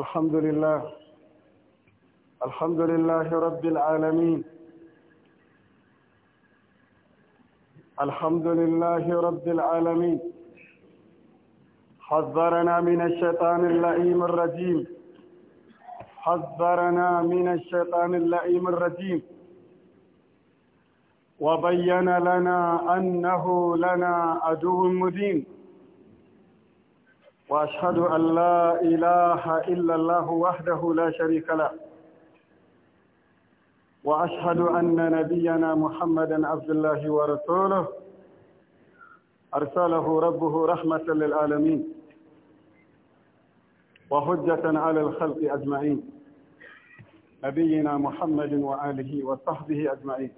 الحمد لله الحمد لله رب العالمين الحمد لله رب العالمين حذرنا من الشيطان اللئيم الرجيم حذرنا من الشيطان اللئيم الرجيم وبين لنا أنه لنا عدو مدين وأشهد أن لا إله إلا الله وحده لا شريك له وأشهد أن نبينا محمدا عبد الله ورسوله أرسله ربه رحمة للعالمين وحجة على الخلق أجمعين نبينا محمد وآله وصحبه أجمعين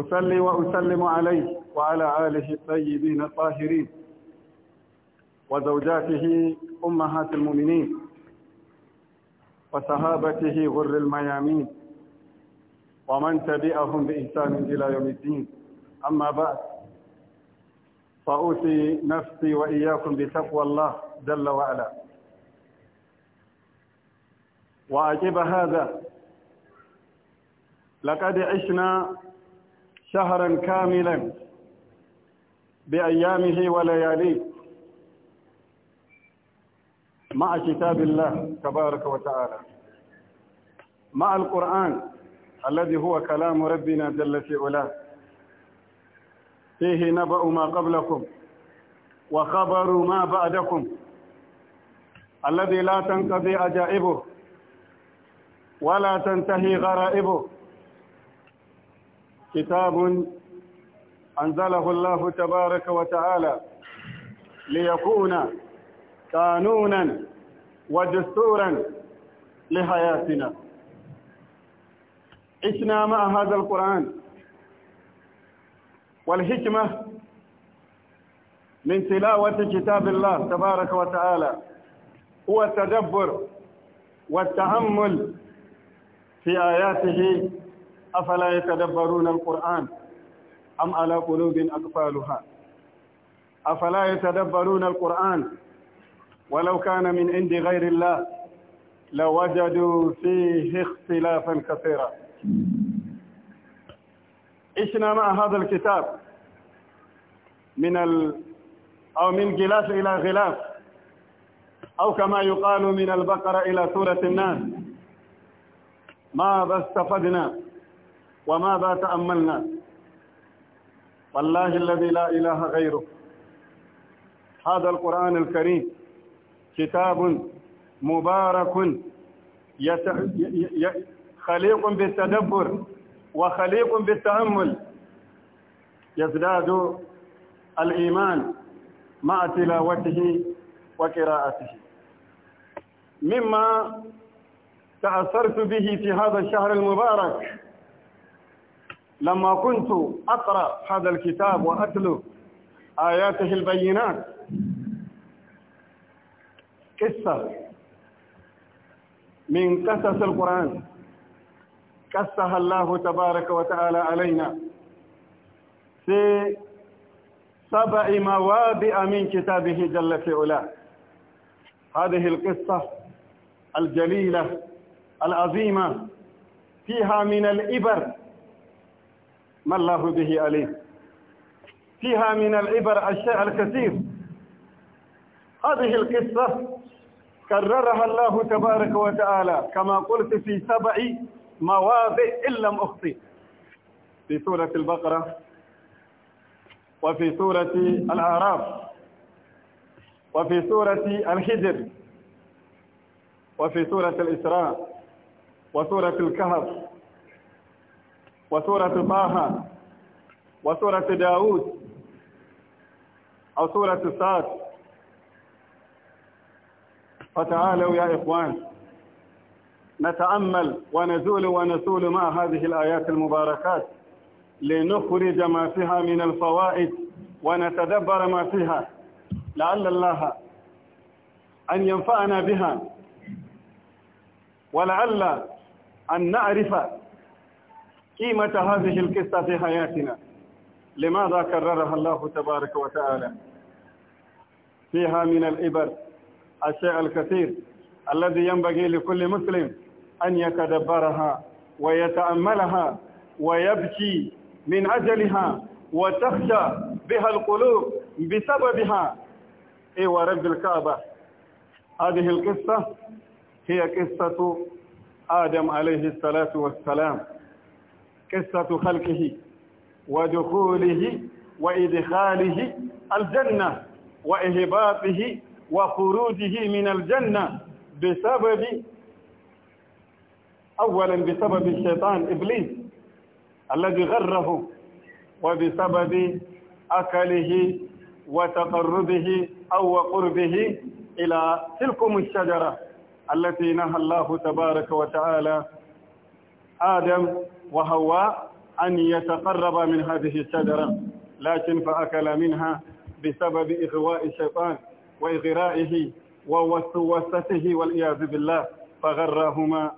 أصلي وأسلم عليه وعلى آله الطيبين الطاهرين وزوجاته أمهات المؤمنين وصحابته غر الميامين ومن تبعهم بإحسان إلى يوم الدين أما بعد فأوصي نفسي وإياكم بتقوى الله جل وعلا وأجب هذا لقد عشنا شهرا كاملا بأيامه ولياليه مع كتاب الله تبارك وتعالى مع القرآن الذي هو كلام ربنا جل في علاه فيه نبأ ما قبلكم وخبر ما بعدكم الذي لا تنقضي عجائبه ولا تنتهي غرائبه كتاب أنزله الله تبارك وتعالى ليكون قانونا ودستورا لحياتنا عشنا مع هذا القرآن والحكمة من تلاوة كتاب الله تبارك وتعالى هو التدبر والتأمل في آياته أفلا يتدبرون القرآن أم على قلوب أقفالها أفلا يتدبرون القرآن ولو كان من عند غير الله لوجدوا فيه اختلافا كثيرا عشنا مع هذا الكتاب من ال أو من غلاف إلى غلاف أو كما يقال من البقرة إلى سورة الناس ماذا استفدنا وماذا تأملنا والله الذي لا إله غيره هذا القرآن الكريم كتاب مبارك يت... ي... ي... خليق بالتدبر وخليق بالتأمل يزداد الإيمان مع تلاوته وقراءته مما تأثرت به في هذا الشهر المبارك لما كنت أقرأ هذا الكتاب وأتلو آياته البينات قصة من قصص القرآن قصها الله تبارك وتعالى علينا في سبع موابئ من كتابه جل في علاه هذه القصة الجليلة العظيمة فيها من الإبر ما الله به عليم فيها من العبر الشيء الكثير هذه القصة كررها الله تبارك وتعالى كما قلت في سبع مواضع إن لم أخطئ في سورة البقرة وفي سورة الأعراف وفي سورة الحجر وفي سورة الإسراء وسورة الكهف وسورة طه وسورة داود أو سورة الصاد فتعالوا يا إخوان نتأمل ونزول ونسول مع هذه الآيات المباركات لنخرج ما فيها من الفوائد ونتدبر ما فيها لعل الله أن ينفعنا بها ولعل أن نعرف قيمة هذه القصة في حياتنا لماذا كررها الله تبارك وتعالى فيها من الإبر الشيء الكثير الذي ينبغي لكل مسلم أن يتدبرها ويتأملها ويبكي من أجلها وتخشى بها القلوب بسببها إيوة رب الكعبة هذه القصة هي قصة آدم عليه الصلاة والسلام قصة خلقه ودخوله وإدخاله الجنة وإهباطه وخروجه من الجنة بسبب أولا بسبب الشيطان إبليس الذي غره وبسبب أكله وتقربه أو قربه إلى تلكم الشجرة التي نهى الله تبارك وتعالى آدم وهو أن يتقرب من هذه الشجرة لكن فأكل منها بسبب إغواء الشيطان وإغرائه ووسوسته والعياذ بالله فغرهما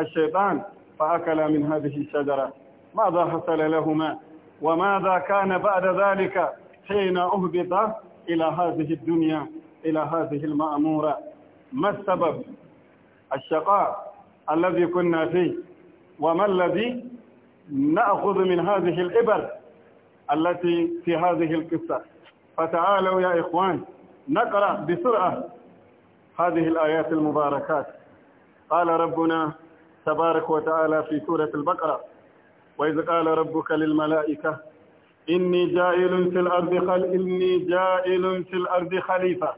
الشيطان فأكلا من هذه الشجرة ماذا حصل لهما وماذا كان بعد ذلك حين أهبط إلى هذه الدنيا إلى هذه المأمورة ما السبب الشقاء الذي كنا فيه وما الذي نأخذ من هذه الإبر التي في هذه القصة فتعالوا يا إخوان نقرأ بسرعة هذه الآيات المباركات قال ربنا تبارك وتعالى في سورة البقرة وإذ قال ربك للملائكة إني جائل في الأرض خل... إني جائل في الأرض خليفة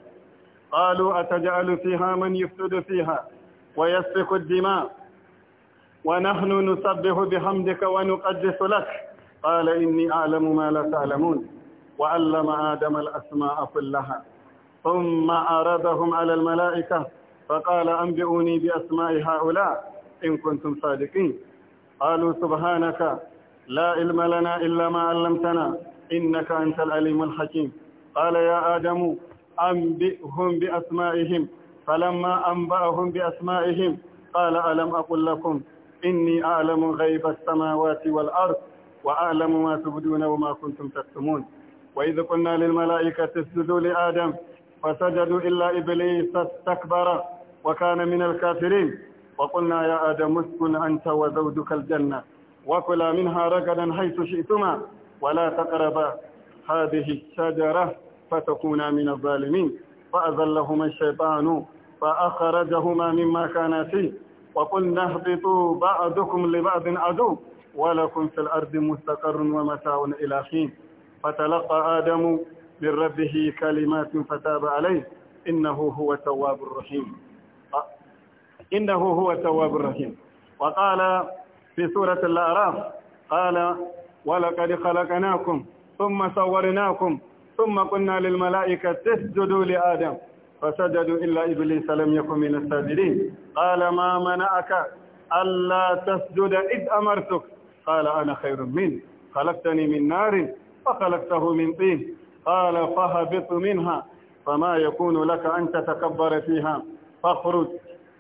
قالوا أتجعل فيها من يفسد فيها ويسفك الدماء ونحن نسبح بحمدك ونقدس لك قال إني أعلم ما لا تعلمون وعلم آدم الأسماء كلها ثم عرضهم على الملائكة فقال أنبئوني بأسماء هؤلاء إن كنتم صادقين قالوا سبحانك لا علم لنا إلا ما علمتنا إنك أنت العليم الحكيم قال يا آدم أنبئهم بأسمائهم فلما أنبأهم بأسمائهم قال ألم أقل لكم إني أعلم غيب السماوات والأرض وأعلم ما تبدون وما كنتم تكتمون وإذ قلنا للملائكة اسجدوا لآدم فسجدوا إلا إبليس استكبر وكان من الكافرين وقلنا يا آدم اسكن أنت وزوجك الجنة وكلا منها رغدا حيث شئتما ولا تقربا هذه الشجرة فتكونا من الظالمين فأذلهما الشيطان فأخرجهما مما كانا فيه وقلنا اهبطوا بعضكم لبعض عدو ولكم في الأرض مستقر ومتاع إلى حين فتلقى آدم من ربه كلمات فتاب عليه إنه هو التواب الرحيم إنه هو التواب الرحيم وقال في سورة الأعراف قال ولقد خلقناكم ثم صورناكم ثم قلنا للملائكة اسجدوا لآدم فسجدوا إلا إبليس لم يكن من الساجدين قال ما منعك ألا تسجد إذ أمرتك قال أنا خير منه خلقتني من نار فخلقته من طين قال فهبط منها فما يكون لك أن تتكبر فيها فاخرج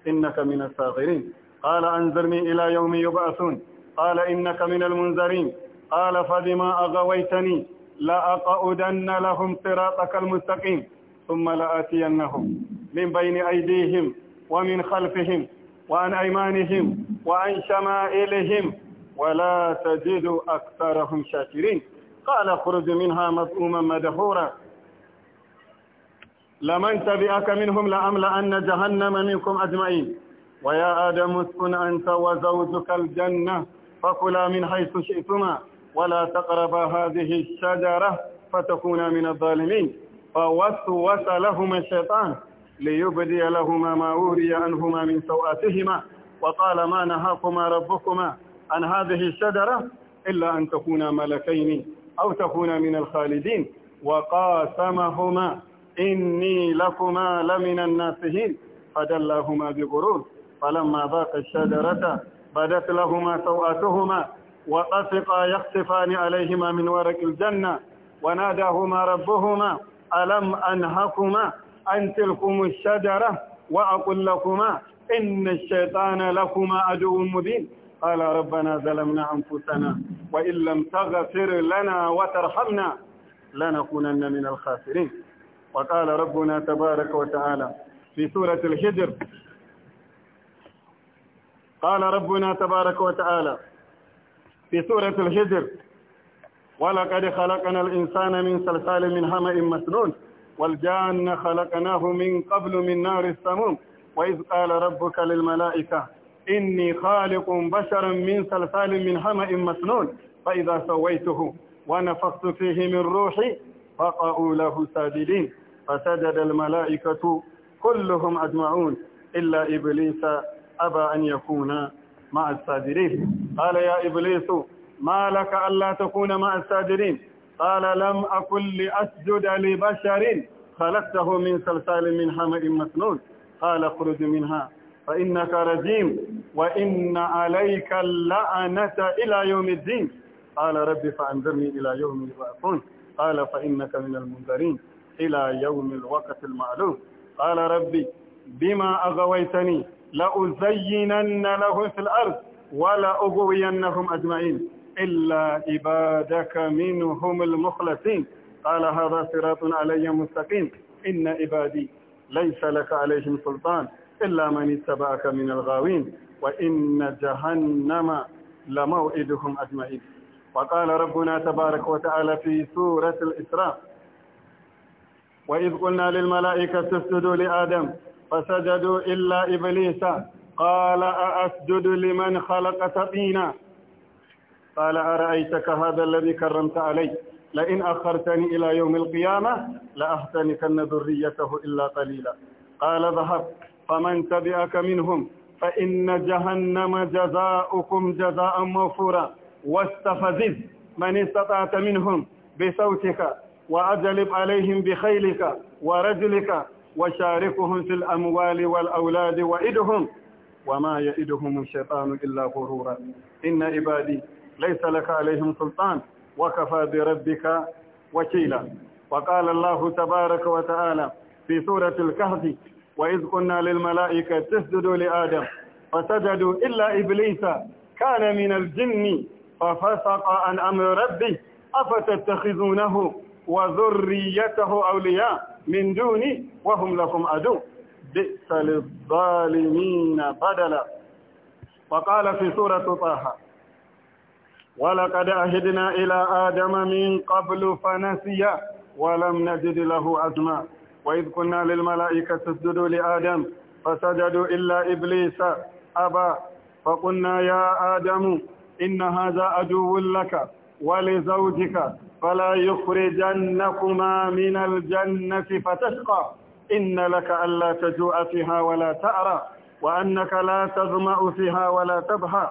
إنك من الساغرين قال أنذرني إلى يوم يبعثون قال إنك من المنذرين قال فبما أغويتني لأقعدن لهم صراطك المستقيم ثم لآتينهم من بين أيديهم ومن خلفهم وعن أيمانهم وعن شمائلهم ولا تجد أكثرهم شاكرين قال اخرج منها مذءوما مدحورا لمن تبعك منهم لأملأن جهنم منكم أجمعين ويا آدم اسكن أنت وزوجك الجنة فكلا من حيث شئتما ولا تقربا هذه الشجرة فتكونا من الظالمين فوسوس لهما الشيطان ليبدي لهما ما وري عنهما من سوآتهما وقال ما نهاكما ربكما عن هذه الشجرة إلا أن تكونا ملكين أو تكونا من الخالدين وقاسمهما إني لكما لمن الناسهين فدلاهما بغرور فلما ذاق الشجرة بدت لهما سوآتهما وطفقا يقصفان عليهما من ورق الجنة وناداهما ربهما ألم أنهكما أن تلكم الشجرة وأقول لكما إن الشيطان لكما عدو مبين قال ربنا ظلمنا أنفسنا وإن لم تغفر لنا وترحمنا لنكونن من الخاسرين وقال ربنا تبارك وتعالى في سورة الحجر قال ربنا تبارك وتعالى في سورة الحجر ولقد خلقنا الإنسان من سلسال من حمأ مسنون والجان خلقناه من قبل من نار السموم وإذ قال ربك للملائكة إني خالق بشرا من سلسال من حمأ مسنون فإذا سويته ونفخت فيه من روحي فقعوا له ساجدين فسجد الملائكة كلهم أجمعون إلا إبليس أبى أن يكون مع الساجدين قال يا إبليس ما لك ألا تكون مع الساجدين قال لم أكن لأسجد لبشر خلقته من سلسال من حمئ مسنون قال اخرج منها فإنك رجيم وإن عليك اللعنة إلى يوم الدين قال ربي فأنذرني إلى يوم يبعثون قال فإنك من المنذرين إلى يوم الوقت المعلوم قال ربي بما أغويتني لأزينن لهم في الأرض ولأغوينهم أجمعين إلا عبادك منهم المخلصين قال هذا صراط علي مستقيم إن عبادي ليس لك عليهم سلطان إلا من اتبعك من الغاوين وإن جهنم لموئدهم أجمعين وقال ربنا تبارك وتعالى في سورة الإسراء وإذ قلنا للملائكة اسجدوا لآدم فسجدوا إلا إبليس قال أأسجد لمن خلق تقينا قال أرأيتك هذا الذي كرمت علي لئن أخرتني إلى يوم القيامة لأهتنكن ذريته إلا قليلا قال ذهب فمن تبعك منهم فإن جهنم جزاؤكم جزاء موفورا واستفزز من استطعت منهم بصوتك وأجلب عليهم بخيلك ورجلك وشاركهم في الأموال والأولاد وإدهم وما يئدهم الشيطان إلا غرورا إن عبادي ليس لك عليهم سلطان وكفى بربك وكيلا وقال الله تبارك وتعالى في سورة الكهف وإذ قلنا للملائكة تسجدوا لآدم فسجدوا إلا إبليس كان من الجن ففسق عن أمر ربه أفتتخذونه وذريته أولياء من دوني وهم لكم عدو بئس للظالمين بدلا وقال في سورة طه ولقد عهدنا إلى آدم من قبل فنسي ولم نجد له عزما وإذ قلنا للملائكة اسجدوا لآدم فسجدوا إلا إبليس أبى فقلنا يا آدم إن هذا أجو لك ولزوجك فلا يخرجنكما من الجنة فتشقى إن لك ألا تجوع فيها ولا تأرى وأنك لا تظمأ فيها ولا تبهى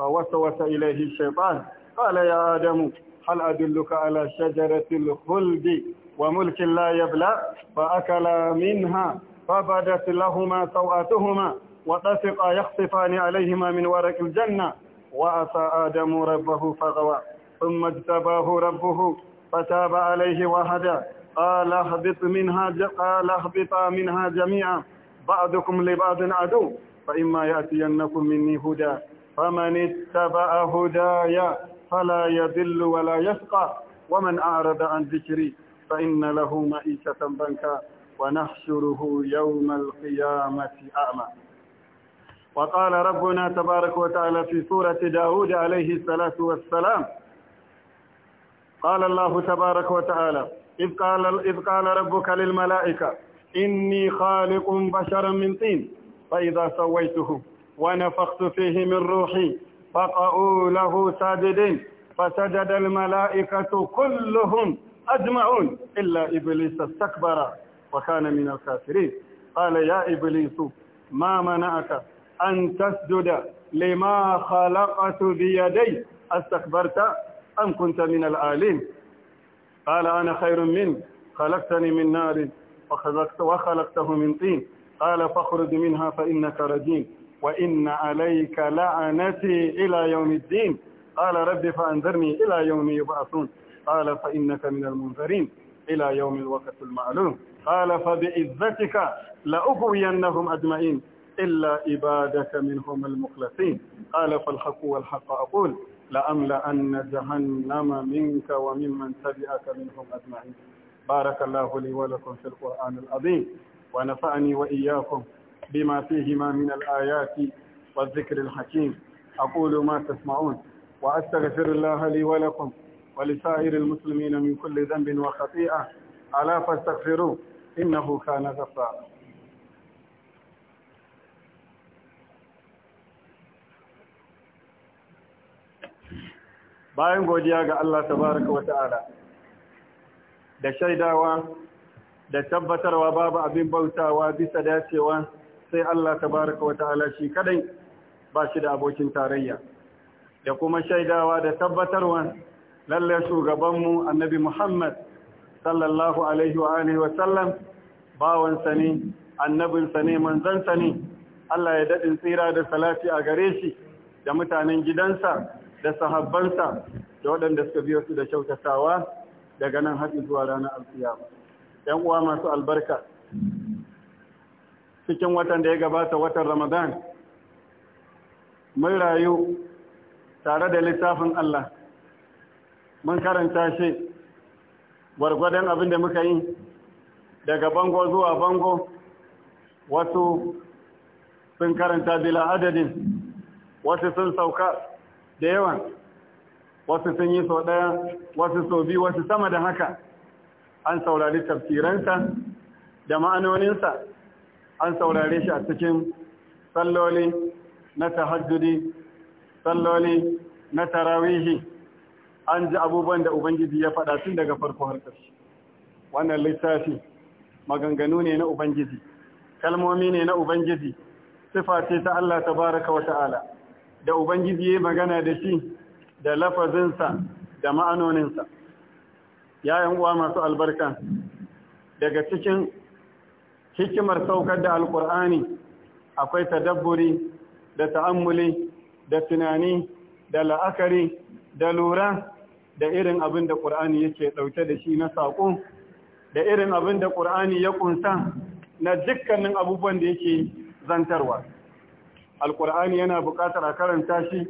فوسوس إليه الشيطان قال يا آدم هل أدلك على شجرة الخلد وملك لا يبلى فأكلا منها فبدت لهما سوآتهما وطفقا يخطفان عليهما من ورق الجنة وأتى آدم ربه فغوى ثم اجتباه ربه فتاب عليه وهدى قال اهبط منها قال اهبطا منها جميعا بعضكم لبعض عدو فإما يأتينكم مني هدى فمن اتبع هداي فلا يذل ولا يشقى ومن أعرض عن ذكري فإن له معيشة ضنكا ونحشره يوم القيامة أعمى وقال ربنا تبارك وتعالى في سورة داود عليه الصلاة والسلام قال الله تبارك وتعالى إذ قال, إذ قال ربك للملائكة إني خالق بشرا من طين فإذا سويته ونفخت فيه من روحي فقعوا له ساجدين فسجد الملائكة كلهم أجمعون إلا إبليس استكبر وكان من الكافرين قال يا إبليس ما منعك أن تسجد لما خلقت بيدي استكبرت أم كنت من العالين قال أنا خير منه خلقتني من نار وخلقته من طين قال فاخرج منها فإنك رجيم وإن عليك لعنتي إلى يوم الدين قال رب فأنذرني إلى يوم يبعثون قال فإنك من المنذرين إلى يوم الوقت المعلوم قال فبإذتك لأغوينهم أجمعين إلا عبادك منهم المخلصين قال فالحق والحق أقول لأملأن جهنم منك وممن تبعك منهم أجمعين بارك الله لي ولكم في القرآن العظيم ونفعني وإياكم بما فيهما من الآيات والذكر الحكيم أقول ما تسمعون وأستغفر الله لي ولكم ولسائر المسلمين من كل ذنب وخطيئة ألا فاستغفروا إنه كان غفارا bayan godiya ga Allah tabaraka wa ta'ala da shaidawa da tabbatarwa babu abin bautawa bisa dacewa sai Allah ta wa ta'ala shi kadai ba shi da abokin tarayya da kuma shaidawa da tabbatarwa lalle shugabanmu annabi Muhammad sallallahu alaihi wa alihi wa sallam bawansa ne annabinsa ne manzansa sani. Allah ya dadin tsira da salati a gare shi da mutanen gidansa da sahabbansa da waɗanda suka biyo su da kyautatawa daga nan har zuwa ranar alkiyama yan uwa masu albarka cikin watan da ya gabata watan Ramadan mun rayu tare da littafin Allah mun karanta shi gwargwadon abin da muka yi daga bango zuwa bango wasu sun karanta bila adadin wasu sun sauka da yawan wasu sun yi sau ɗaya wasu sau biyu wasu sama da haka an saurari tafsiransa da ma'anoninsa an saurare shi a cikin salloli na tahajjudi salloli na tarawihi an ji abubuwan da ubangiji ya faɗa tun daga farko har ƙarshe wannan littafi maganganu ne na ubangiji kalmomi ne na ubangiji sifa ce ta Allah tabaraka wa ta'ala da ubangiji ya magana da shi da lafazinsa da ma'anoninsa yayin uwa masu albarka daga cikin hikimar saukar da alkur'ani akwai tadabburi da ta'ammuli da tunani da la'akari da lura da irin abin da ƙur'ani yake ɗauke da shi na saƙo da irin abin da ƙur'ani ya ƙunsa na dukkanin abubuwan da yake zantarwa alƙur'ani yana buƙatar a karanta shi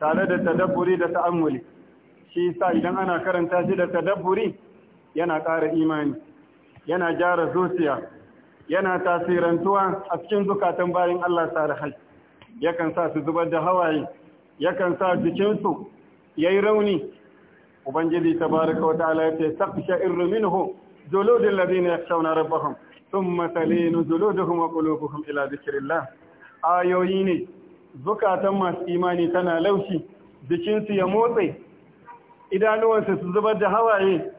tare da tadabburi da ta'ammuli shi sa idan ana karanta shi da tadabburi yana ƙara imani yana gyara zuciya yana tasirantuwa a cikin zukatan bayan Allah salihai yakan sa su zubar da hawaye yakan sa jikinsu yayi rauni ubangiji tabaraka wa ta'ala ya ce taqsha irru minhu juludul ladina yakhshawna rabbahum thumma talinu juluduhum wa qulubuhum ila dhikrillah ayoyi ne zukatan masu imani tana laushi jikinsu ya motsa idanuwansu su zubar da hawaye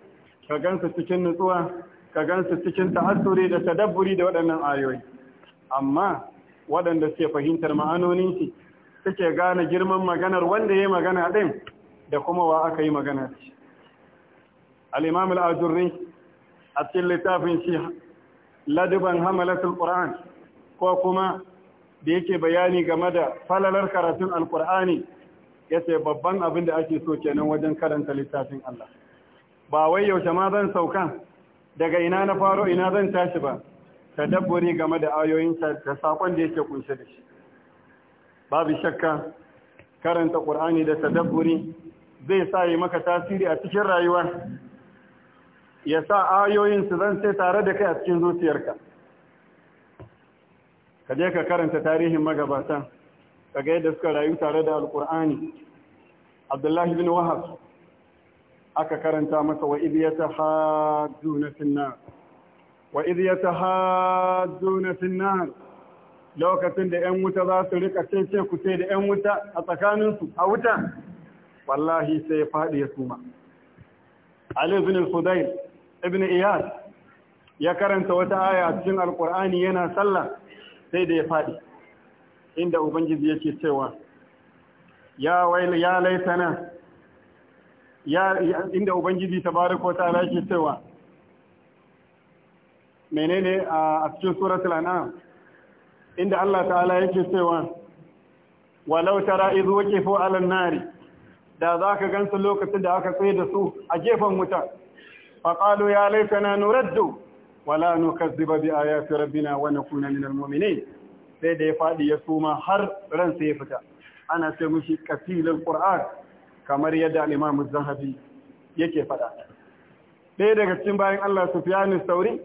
ka gansu cikin nutsuwa ka gansu cikin ta'assuri da tadabburi da waɗannan ayoyi amma waɗanda suke fahimtar ma'anonin shi suke gane girman maganar wanda ya magana din da kuma wa aka yi magana shi al-imam al-ajurri a cikin littafin shi ladiban hamalatul qur'an ko kuma da yake bayani game da falalar karatun alkur'ani ya babban abin da ake so kenan wajen karanta littafin Allah ba wai yaushe ma zan sauka daga ina na faro ina zan tashi ba dabbori game da ayoyinsa da sakon da yake kunshe da shi babu shakka karanta qur'ani da tadabburi zai sa yi maka tasiri a cikin rayuwa ya sa ayoyin su zan sai tare da kai a cikin zuciyarka ka je ka karanta tarihin magabata ka ga yadda suka rayu tare da alqur'ani abdullahi bin wahab aka karanta masa wa idh yatahajjuna fin nar wa idh lokacin da 'yan wuta za su rika cece ku sai da 'yan wuta a tsakaninsu a wuta wallahi sai ya faɗi ya suma Ali ibn al ibn Iyad ya karanta wata aya a cikin alkur'ani yana sallah sai da ya faɗi inda Ubangiji yake cewa ya wail ya laitana ya inda ubangiji tabaraka wa ta'ala yake cewa menene a cikin suratul an'am inda Allah ta'ala yake cewa walau tara idh waqifu 'ala an-nari da zaka gansu lokacin da aka tsaye da su a gefen wuta faqalu ya laitana nuraddu wala nukazziba bi ayati rabbina wa nakuna minal mu'minin sai da ya faɗi ya suma har ran sai ya fita ana sai mushi kasilul qur'an kamar yadda al’imam imam zahabi yake faɗa ɗaya daga cikin bayan Allah ni Sauri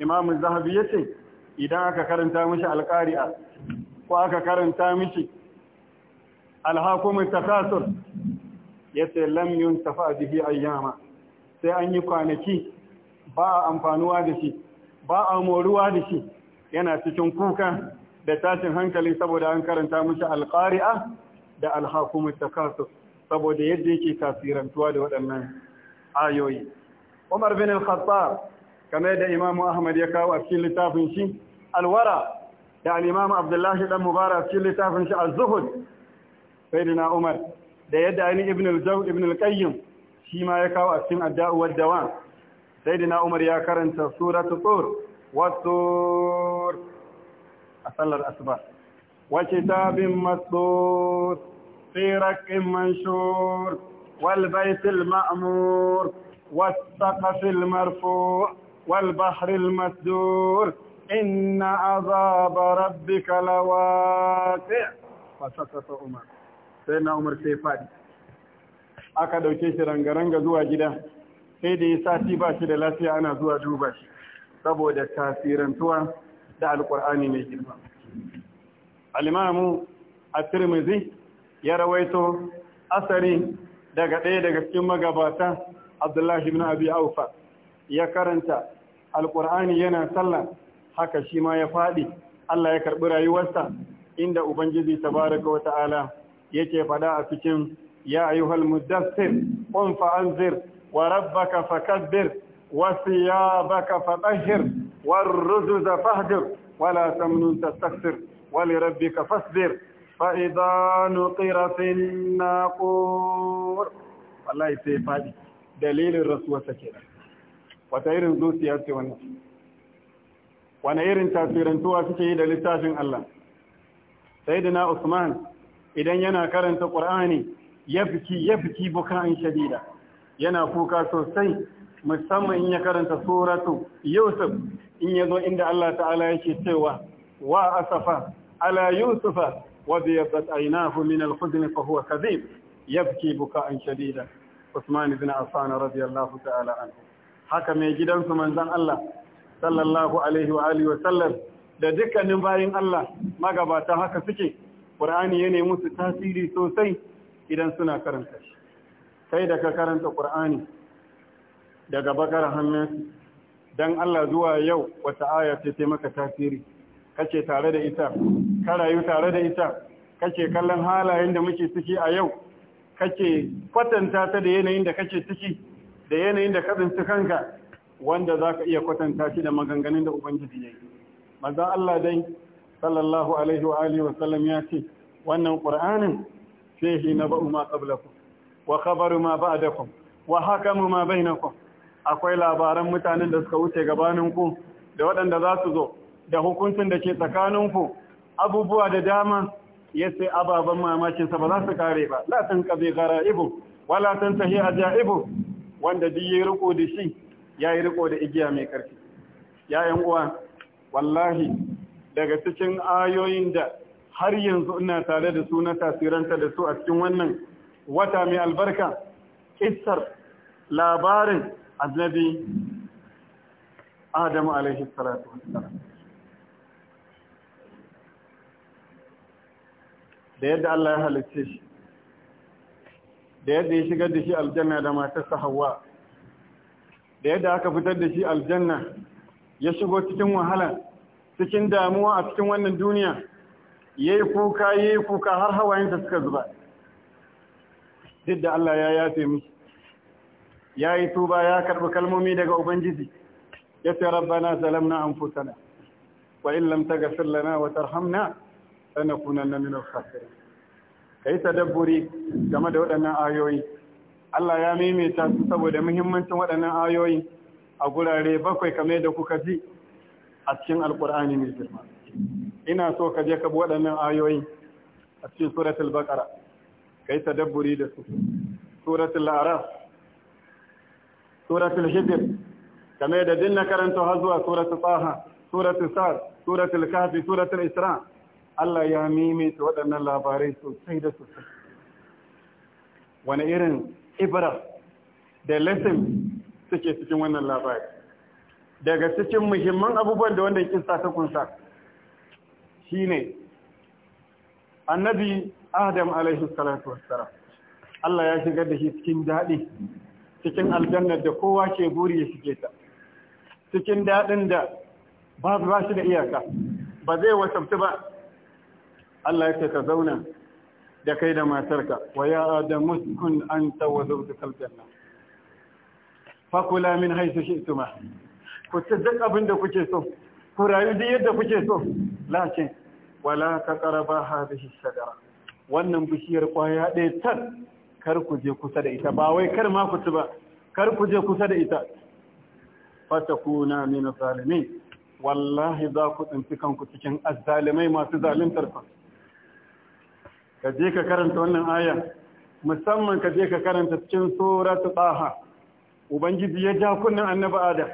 Imam zahabi ce idan aka karanta mishi al ko aka karanta mishi alhakumin hakum ya ce lamyun tafa a jihi ayyama sai an yi kwanaki ba a amfanuwa da shi ba a moruwa da shi yana cikin kuka da tashin hankali saboda an karanta mishi alƙari'a da alhakumin takasur saboda yadda yake tasirantuwa da waɗannan ayoyi Umar bin al-Khattab kamar da Imam Ahmad ya kawo a cikin littafin shi Al-Wara da al-Imam Abdullah dan Mubarak cikin littafin shi Az-Zuhud Sayyidina Umar da yadda Ali ibn al-Jawd ibn al-Qayyim shi ma ya kawo a cikin Ad-Da'u wad-Dawa Sayyidina Umar ya karanta suratul Tur wat-Tur a sallar asuba wa kitabin masdur في رك منشور والبيت المأمور والسقف المرفوع والبحر المسدور إن عذاب ربك لواقع فسقط عمر سيدنا عمر سيفادي aka ɗauke shi rangaranga zuwa gida sai da ya sati ba shi da lafiya ana zuwa duba shi saboda tasirantuwa da alkur'ani mai girma al-imamu ya rawaito asari daga ɗaya daga cikin magabata abdullahi ibn abi aufa ya karanta Alƙur'ani yana sallah haka shi ma ya faɗi Allah ya karɓi rayuwarsa inda ubangiji tabaraka wa ta'ala yake faɗa a cikin ya ayyuhal muddassir qum fa anzir wa rabbaka fakabbir wa siyabaka fatahhir war rujuza fahdir wala tamnun tastakthir wa li rabbika fasbir فإذا نقر في الناقور والله سيفادي دليل الرسوة كده وتأيرن دوسي ياتي والنسي wani irin tasirantuwa suke yi da littafin Allah. na Usman idan yana karanta Qur'ani ya fiki ya fiki bukan shadida yana kuka sosai musamman in ya karanta suratu Yusuf in yazo inda Allah ta'ala yake cewa wa asafa ala yusufa وبيضت عيناه من الحزن فهو كذيب يبكي بكاء شديدا عثمان بن عفان رضي الله تعالى عنه haka mai gidansu manzan Allah sallallahu alaihi wa alihi wa sallam da dukkanin bayan Allah magabata haka suke Qur'ani ya nemi su tasiri sosai idan suna karanta kai da ka karanta Qur'ani daga bakar hannun dan Allah zuwa yau wata aya ce maka tasiri kace tare da ita ka rayu tare da ita kake kallon halayen da muke ciki a yau kake kwatanta ta da yanayin da kake ciki da yanayin da ka tsinci kanka wanda za ka iya kwatanta shi da maganganun da ubangiji ya yi maza Allah dai sallallahu alaihi wa alihi wa sallam ya ce wannan qur'anin fihi naba'u ma qablakum wa khabaru ma ba'dakum wa hakamu ma bainakum akwai labaran mutanen da suka wuce gabaninku da waɗanda za su zo da hukuncin da ke tsakaninku abubuwa da dama ya ababan mamakin sa ba za su kare ba la tan gara garaibu wala tan tahi ajaibu wanda duk yayi riko da shi yayi riko da igiya mai karfi yayan uwa wallahi daga cikin ayoyin da har yanzu ina tare da su na tasiranta da su a cikin wannan wata mai albarka kissar labarin annabi Adamu alaihi salatu wassalam da yadda Allah ya halitta shi da yadda ya shigar da shi aljanna da matarsa Hawwa da yadda aka fitar da shi aljanna ya shigo cikin wahala cikin damuwa a cikin wannan duniya yayi kuka yayi kuka har hawayenta suka zuba duk da Allah ya yafe musu yayi tuba ya karbi kalmomi daga ubangiji yace rabbana zalamna anfusana wa in lam taghfir lana wa tarhamna na minar al ka yi tadabburi game da waɗannan ayoyi Allah ya maimaita su saboda muhimmancin waɗannan ayoyi a gurare bakwai kamar da kuka ji a cikin alkur'ani mai girma ina so ka je ka bi waɗannan ayoyi a cikin suratul baqara yi tadabburi da su suratul araf suratul hijr kamar da din na karanta har zuwa suratul taha suratul sar suratul kahfi suratul isra Allah ya maimaita waɗannan labarai sosai da sosai wani irin ibra da lesson suke cikin wannan labari daga cikin muhimman abubuwan da wanda ya kisa ta kunsa shine annabi adam alaihi salatu wassalam Allah ya shigar da shi cikin daɗi cikin aljannar da kowa ke buri ya shige ta cikin daɗin da ba shi da iyaka ba zai wasabta ba Allah ya ce ka zauna da kai da matarka wa ya adamu kun anta wa zawjuka aljanna fakula min shi shi'tuma ku ci duk abin da kuke so ku rayu duk yadda kuke so lakin wala ka taqraba hadhihi shajara wannan bishiyar kwaya ɗaya tar kar ku je kusa da ita ba wai kar ma ku ci ba kar ku je kusa da ita kuna min zalimin wallahi za ku tsinci kanku cikin azzalimai masu zaluntar kansu ka je ka karanta wannan aya musamman ka je ka karanta cikin suratu taha ubangiji ya ja kunnan annabi adam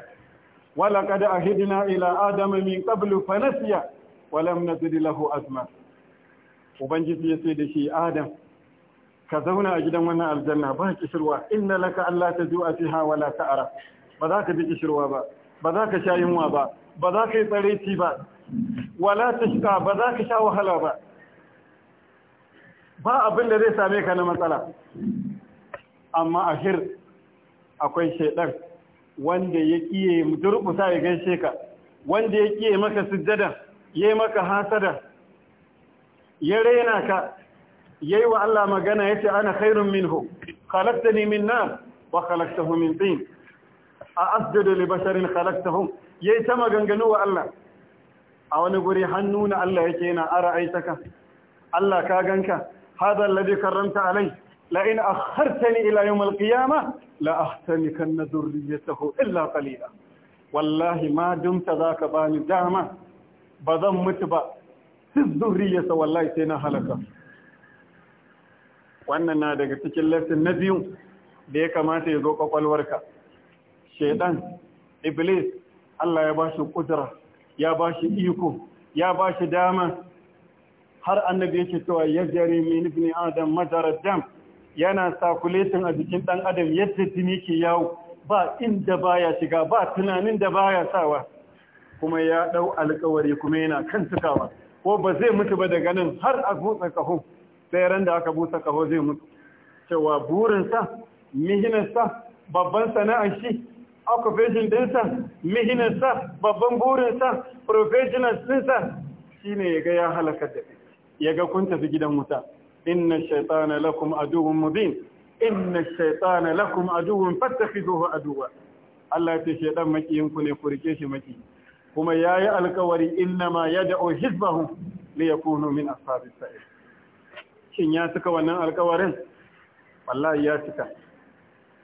wala qad ahidna ila adam min qablu fa nasiya wa lam nazid lahu azma ubangiji ya ce da shi adam ka zauna a gidan wannan aljanna ba kishirwa inna laka alla tajua fiha wala ta'ara ba za ka bi kishirwa ba ba za ka sha yunwa ba ba za ka yi tsareci ba wala tashqa ba za ka sha wahala ba ba abin da zai same ka na matsala amma a shir akwai shaidan wanda ya kiye durbusa ya gaishe ka wanda ya kiye maka sujjada yayi maka hasada ya raina ka yayi wa Allah magana yace ana khairun minhu khalaqtani min nar wa khalaqtahu min tin a asjudu li basharin khalaqtahu yayi ta maganganu wa Allah a wani guri hannu na Allah yake yana ara aitaka Allah ka ganka هذا الذي كرمت عليه لئن أخرتني إلى يوم القيامة لا لأحتمكن ذريته إلا قليلا والله ما دمت ذاك بان جامع بضم متبع في الذرية والله سينا هلكا وأنا نادك تجلس النبي ديك ما تيزوك والوركة شيطان إبليس الله يباشي قدرة يباشي إيكو يباشي دامه har annabi yake cewa ya jari min ibn adam majara dam yana circulating a jikin dan adam yadda jini ke yawo ba inda baya shiga ba tunanin da baya sawa kuma ya dau alƙawari kuma yana kan tukawa ko ba zai mutu ba daga nan har a busa kaho sai ran da aka busa kaho zai mutu cewa burinsa sa babban sana'ar shi occupation dinsa sa babban burinsa professional dinsa shine ya ga ya halaka da ya ga kun tafi gidan wuta inna shaitana lakum aduwwun mubin inna shaitana lakum aduwwun fattakhiduhu aduwwa Allah ya ce shaitan makiyin ku ne ku rike shi maki kuma yayi alkawari inna ma yad'u hizbahu liyakunu min ashabis sa'ir shin ya cika wannan alkawarin wallahi ya cika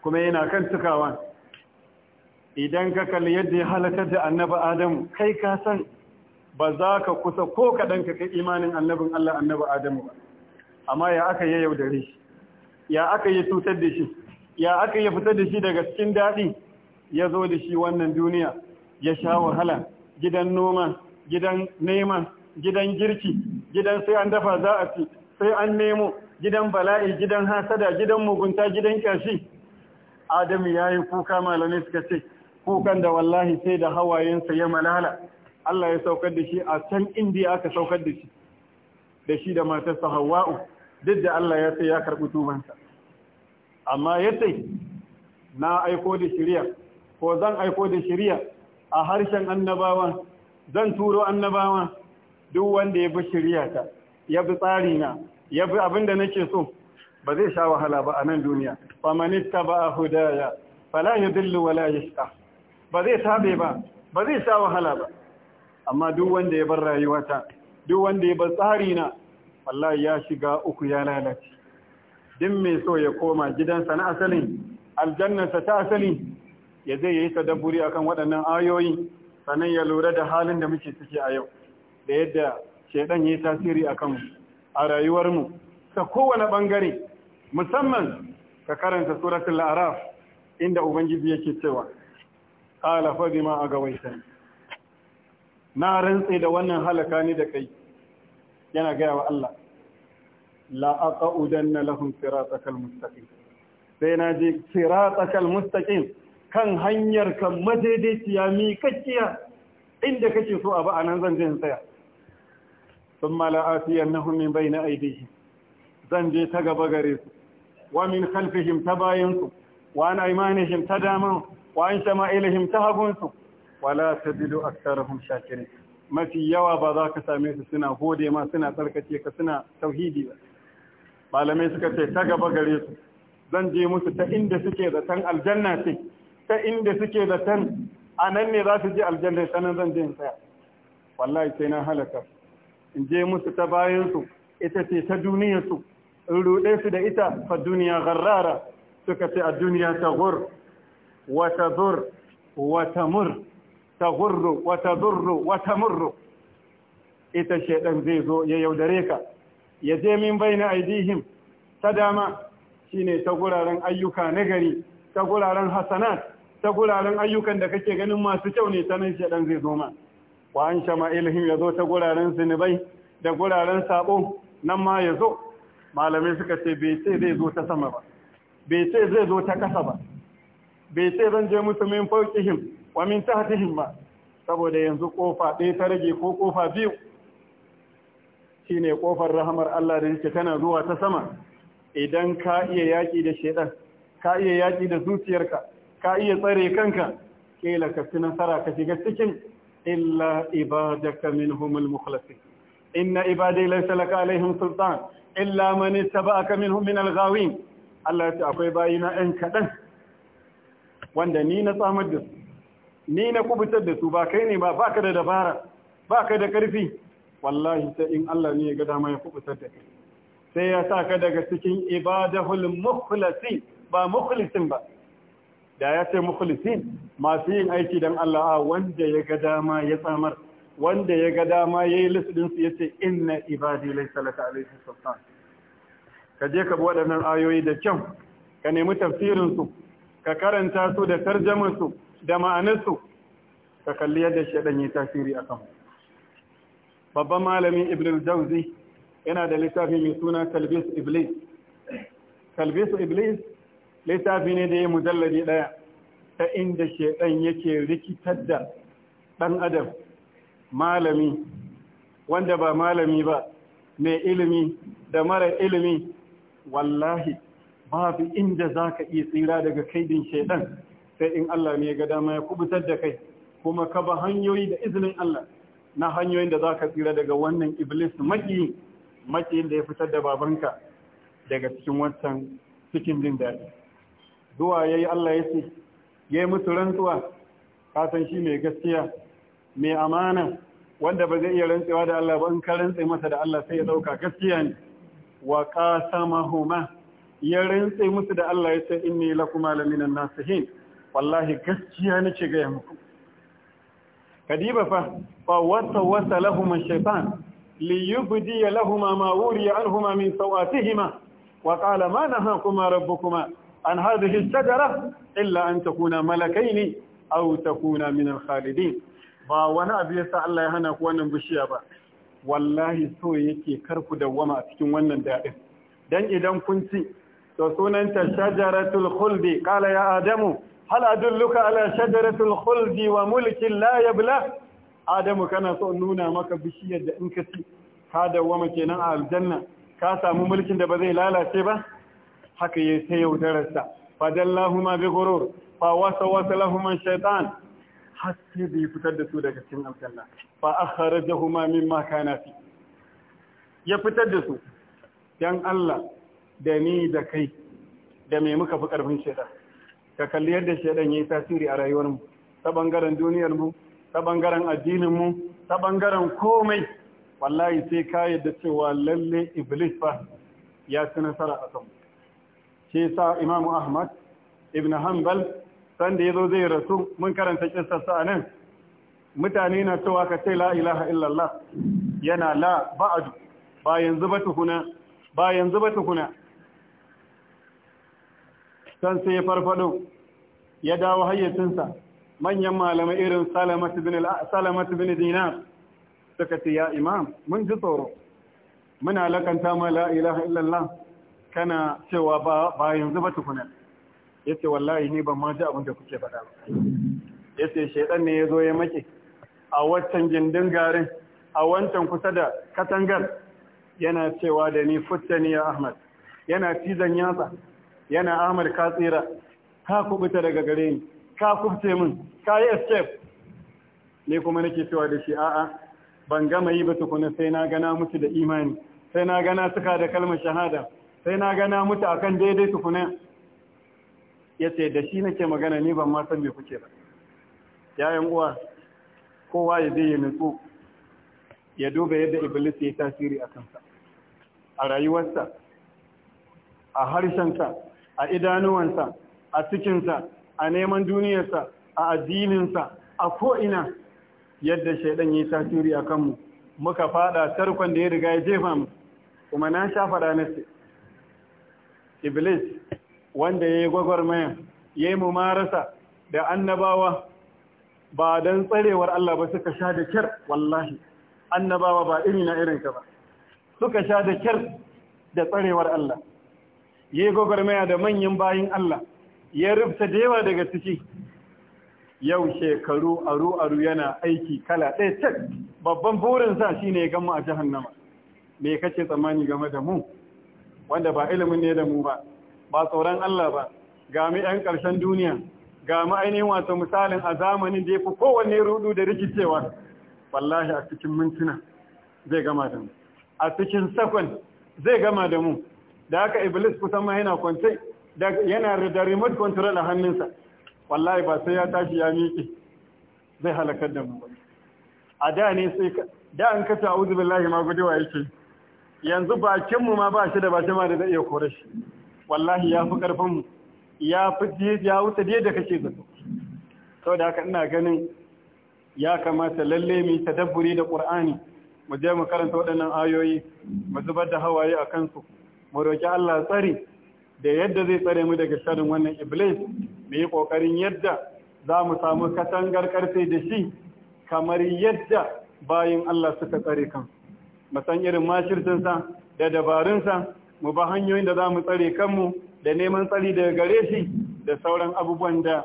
kuma yana kan cikawa idan ka kalli yadda ya halatar da annaba adamu kai ka san ba za ka kusa ko kaɗan ka kai imanin annabin Allah annabi Adamu ba amma ya aka yi yaudare shi ya aka yi cutar da shi ya aka yi fitar da shi daga cikin daɗi ya zo da shi wannan duniya ya sha wahala gidan noma gidan neman gidan girki gidan sai an dafa za a ci sai an nemo gidan bala'i gidan hasada gidan mugunta gidan kyashi adamu ya yi kuka malamai suka ce kukan da wallahi sai da hawayensa ya malala Allah ya saukar da shi a can indiya aka saukar da shi da shi da matarsa hawa'u duk da Allah ya ce ya karɓi tubansa amma ya na aiko da shirya ko zan aiko da shirya a harshen annabawa zan turo annabawa duk wanda ya bi shiryata ta ya bi tsari na ya bi abin da nake so ba zai sha wahala ba a nan duniya fa manitta ba a hudaya fala yudillu wala yashqa ba zai tabe ba ba zai sha wahala ba amma duk wanda ya bar rayuwata duk wanda ya bar tsari na wallahi ya shiga uku ya lalace din mai so ya koma gidansa na asali aljannarsa ta asali ya zai yi tadabburi akan waɗannan ayoyi sannan ya lura da halin da muke ciki a yau da yadda shedan yayi tasiri akan a rayuwar mu ta kowane bangare musamman ka karanta suratul araf inda ubangiji yake cewa qala fadima bima agawaitani na rantse da wannan halaka ni da kai yana gaya wa Allah la aqudanna lahum siratakal mustaqim sai na je siratakal mustaqim kan hanyar kan madaidaiciya mi kakkiya inda kake so abu anan zan je tsaya thumma la asiyannahum min bayna aydihim zan je ta gaba gare su wa min khalfihim ta wa an aymanihim ta wa an shama'ilihim ta hagun wala tajidu aktharahum shakirin mafi yawa ba za ka same su suna gode ma suna tsarkace ka suna tauhidi ba malamai suka ce ta gaba gare su zan je musu ta inda suke tan aljanna ce ta inda suke tan. a nan ne za su je aljanna ta nan zan je in tsaya wallahi sai na halaka in je musu ta bayan su ita ce ta duniya su in ruɗe su da ita fa duniya garrara suka ce a duniya ta gur wata zur wata mur ta gurru wata zurru wata murru ita shaidan zai zo ya yaudare ka ya je min baina aidihim ta dama shine ta guraren ayyuka na gari ta guraren hasanat ta guraren ayyukan da kake ganin masu kyau ne ta nan shaidan zai zo ma wa an ilhim ya zo ta guraren zinubai da guraren sabo nan ma ya zo malamai suka ce bai ce zai zo ta sama ba bai ce zai zo ta kasa ba bai ce zan je mutumin min fauqihim wa min tahtihim ma saboda yanzu kofa ɗaya ta rage ko kofa biyu shine kofar rahamar Allah da yake tana zuwa ta sama idan ka iya yaki da shedan ka iya yaki da zuciyarka ka iya tsare kanka kila ka ci nasara ka shiga cikin illa ibadaka minhumul mukhlasin inna ibadai laysa laka alaihim sultan illa man ittaba'aka minhum min al Allah ya akwai bayina ɗan kaɗan wanda ni na tsamar da su ni na kubutar da su ba kai ne ba ba ka da dabara ba ka da ƙarfi wallahi sai in Allah ne ya ga dama ya kubutar da kai sai ya sa ka daga cikin ibadahul mukhlasin ba mukhlasin ba da ya ce mukhlisin masu yin aiki don Allah a wanda ya ga dama ya samar wanda ya ga dama ya yi su ya ce inna ibadi lai salata alaihi sultan ka je ka bi waɗannan ayoyi da kyau ka nemi tafsirinsu ka karanta su da tarjamansu da ma'anarsu ka kalli yadda shaidan yi tasiri a kan babban malami ibn jauzi yana da littafi mai suna talbis iblis talbis iblis littafi ne da ya mujalladi ɗaya ta inda shaɗan yake rikitar da ɗan adam malami wanda ba malami ba mai ilimi da mara ilimi wallahi babu inda za ka iya tsira daga kaidin shaiɗan. sai in Allah ne ya ga dama ya kubutar da kai kuma ka ba hanyoyi da izinin Allah na hanyoyin da za ka tsira daga wannan iblis makiyin makiyin da ya fitar da babanka daga cikin wancan cikin jin daɗi zuwa ya yi Allah ya ce ya yi musu rantsuwa kasan shi mai gaskiya mai amana wanda ba zai iya rantsewa da Allah ba in ka rantse masa da Allah sai ya dauka gaskiya ne wa ka sama homa ya rantse musu da Allah ya ce inni lakuma laminan nasihin wallahi gaskiya nake ga muku kadiba fa fa wata wasa lahum ash-shaytan liyubdi lahum ma wuriya anhum min sawatihima wa qala ma nahakuma rabbukuma an hadhihi ash-shajara illa an takuna ne. aw takuna min al-khalidin ba wani abu yasa Allah ya hana ku wannan bishiya ba wallahi so yake karku dawwama a cikin wannan daɗin dan idan kun ci to sunanta shajaratul khuldi qala ya adamu hal adulluka ala shajaratul khuldi wa mulkin la bila? adamu kana so nuna maka bishiyar da in ka ci ka dawwama kenan a aljanna ka samu mulkin da ba zai lalace ba haka yayi sai yaudararsa fadallahuma bi ghurur fa wasawasa lahum ash-shaytan haske bai fitar da su daga cikin aljanna fa akhrajahuma mimma kana fi ya fitar da su dan Allah da ni da kai da me muka fi karfin shaytan ka kalli yadda shaidan ya yi tasiri a rayuwar mu ta ɓangaren duniyarmu ta ɓangaren addinin mu ta ɓangaren komai wallahi sai ka yadda cewa lalle iblis ba ya ci nasara a kanmu shi sa imamu ahmad ibn hanbal sanda ya zo zai rasu mun karanta kissarsa a nan mutane na cewa ka ce la ilaha illallah yana la ba'adu ba yanzu ba tukuna ba yanzu ba tukuna san sai ya farfado ya dawo hayyacinsa manyan malamai irin salamat bin dinar suka ce ya imam mun ji tsoro muna lakanta ma la ilaha illallah kana cewa ba yanzu ba tukuna ya ce wallahi ni ban ma ji abin da kuke faɗa ya ce shaidan ne ya zo ya make a wancan gindin garin a wancan kusa da katangar yana cewa da ni futtani ya ahmad yana cizon yatsa yana Ahmad ka tsira ka kubuta daga gare ni ka kubce min ka yi escape ne kuma nake cewa da shi a'a ban gama yi ba tukuna sai na gana mutu da imani sai na gana suka da kalmar shahada sai na gana mutu akan daidai tukuna ya ce da shi nake magana ni ban ma san me kuke ba yayan uwa kowa ya zai ya nutsu ya duba yadda iblis ya tasiri a kansa a rayuwarsa a harshensa a idanuwansa a cikinsa a neman duniyarsa a addininsa a ko'ina yadda shaidan yi tasiri a kanmu muka fada tarkon da ya riga ya jefa mu kuma na sha fada na ce iblis wanda ya yi gwagwarmaya ya yi mumarasa da annabawa ba don tsarewar Allah ba suka sha da kyar wallahi annabawa ba iri na irinka ba suka sha da kyar da tsarewar Allah ya yi gwagwarmaya da manyan bayan Allah ya rufta da yawa daga ciki yau shekaru aru-aru yana aiki kala ɗaya cak babban burinsa shi ne gama a jihannama me kace tsammani game da mu wanda ba ilimin ne da mu ba ba tsoron Allah ba ga mu 'yan ƙarshen duniya ga mu ainihin wato misalin a zamanin da ya fi kowanne rudu da rikicewa wallahi a cikin mintuna zai gama da mu a cikin sakon zai gama da mu da haka iblis kusan ma yana kwance yana da remote control a hannunsa wallahi ba sai ya tashi ya miƙe zai halakar da mu a da ne sai da an kasa auzu billahi ma gudewa yake yanzu bakin mu ma ba shi da bakin ma da zai iya kore shi wallahi ya fi karfin mu ya fi ya wuce da da kake zato da haka ina ganin ya kamata lalle mu tadabburi da Qur'ani mu je mu karanta waɗannan ayoyi mu zubar da hawaye a kansu mu roki Allah tsari da yadda zai tsare mu daga sharrin wannan iblis mu yi kokarin yadda za mu samu katangar karfe da shi kamar yadda bayin Allah suka tsare kan mu san irin mashirtinsa da dabarunsa mu ba hanyoyin da za mu tsare kanmu da neman tsari daga gare shi da sauran abubuwan da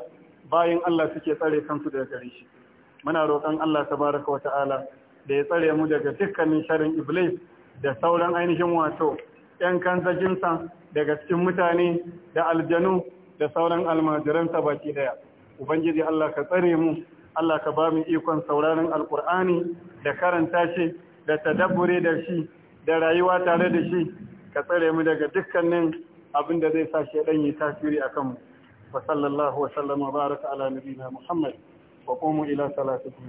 bayin Allah suke tsare kansu daga gare shi muna roƙon Allah tabaraka ta'ala da ya tsare mu daga dukkanin sharin iblis da sauran ainihin wato ‘yan kanzaginsa daga cikin mutane da aljanu da sauran almajiransa baki daya. Ubangiji Allah ka tsare mu, Allah ka ba mu ikon sauraron Alƙur'ani da karanta shi, da tadabbure da shi, da rayuwa tare da shi, ka tsare mu daga dukkanin abin da zai sa shi ɗan yi tasiri a kanmu. Wa sallallahu wa sallama baraka Muhammad wa qumu ila salatikum